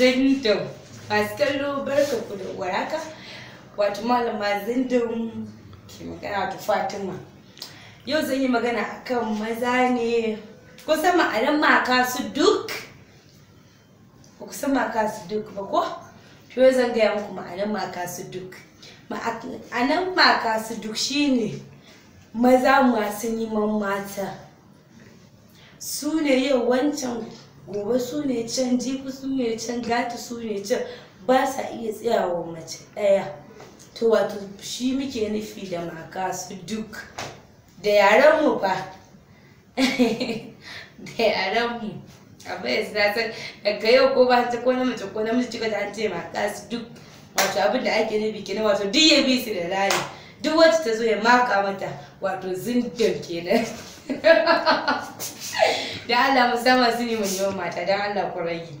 zindan masu kallo barka ku da waraka wato malama zindan ke magana ta fatima yau zan yi magana akan maza ne kusan ma'anan maka su duk ba kusan maka su duk ba ko to yau zan gaya muku ma'anan maka su duk ma maka su duk shine maza masu neman mata su ne yau wancan gobe su ne can jifu su ne can gata su ne can ba sa iya tsayawa mace ɗaya to wato shi muke nufi da maka su duk da yaren mu ba, da yaren mu abin ya sa daga yau ko ba ta ko namiji ko namiji cika ta ce maka su duk wato abin da ake nufi kenan wato duk ya bi su da rari duk wacce ta zo ya maka mata wato zindin kenan da Allah mu sama su ne mu neman mata don Allah ku rage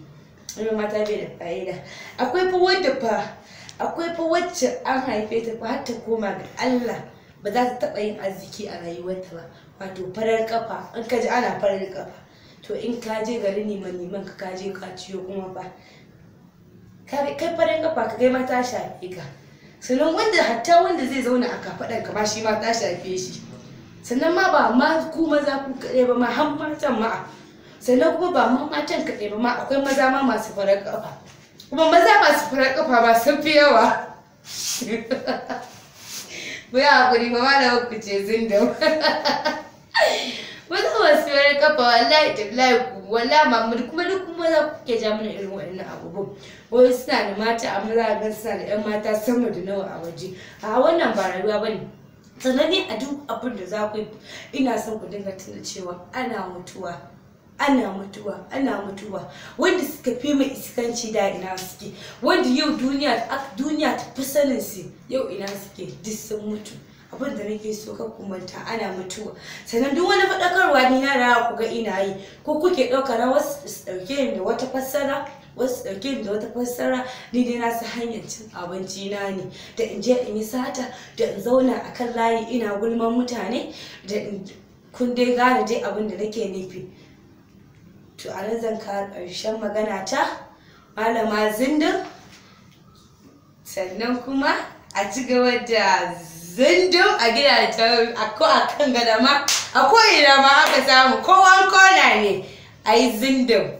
neman mata bai da fa'ida akwai fa wadda fa akwai fa wacce an haife ta fa har ta koma ga Allah ba za ta taɓa yin arziki a rayuwarta ba wato farar kafa in ka ji ana farar kafa to in ka je gari neman neman ka je ka ciyo kuma fa kai farar kafa ka kai ma ta shafe ka sannan wanda hatta wanda zai zauna a kafaɗan ka shi ma ta shafe shi sannan ma ba ma ku maza ku kaɗai ba ma har matan ma sannan kuma ba ma matan kaɗai ba ma akwai maza ma masu farar ƙafa kuma maza masu farar ƙafa ba sun fi yawa bai a haƙuri ba ma da ku ce da maza masu farar ƙafa wallahi tallahi ku wallahi mu kuma duk kuma za ku ke ja mana irin waɗannan abubuwan wai suna da mata amma za a ga suna da 'yan mata sama da nawa a waje a wannan ba rayuwa ba ne sannan ne a duk abin da za ku yi ina son ku dinga tuna cewa ana mutuwa ana mutuwa ana mutuwa wanda suka fi mai iskanci da ina suke wanda yau duniya duniya ta fi su yau ina suke duk sun mutu abin da nake so ka kumanta ana mutuwa sannan duk wani faɗakarwa ni yara ku ga ina yi ko kuke ɗauka na wasu su ɗauke ni da wata fassara wasu ɗauke ni da wata fassara ni dai na su hanyar cin abinci na ne da in je in yi sata da in zauna a kan layi ina gulman mutane da in kun dai gane dai abin da nake nufi to a nan zan kawo ƙarshen magana ta malama zindin sannan kuma a ci gaba da zindin a gidajen a kan gada ma a ko'ina ma aka samu kowan kona ne a yi zindin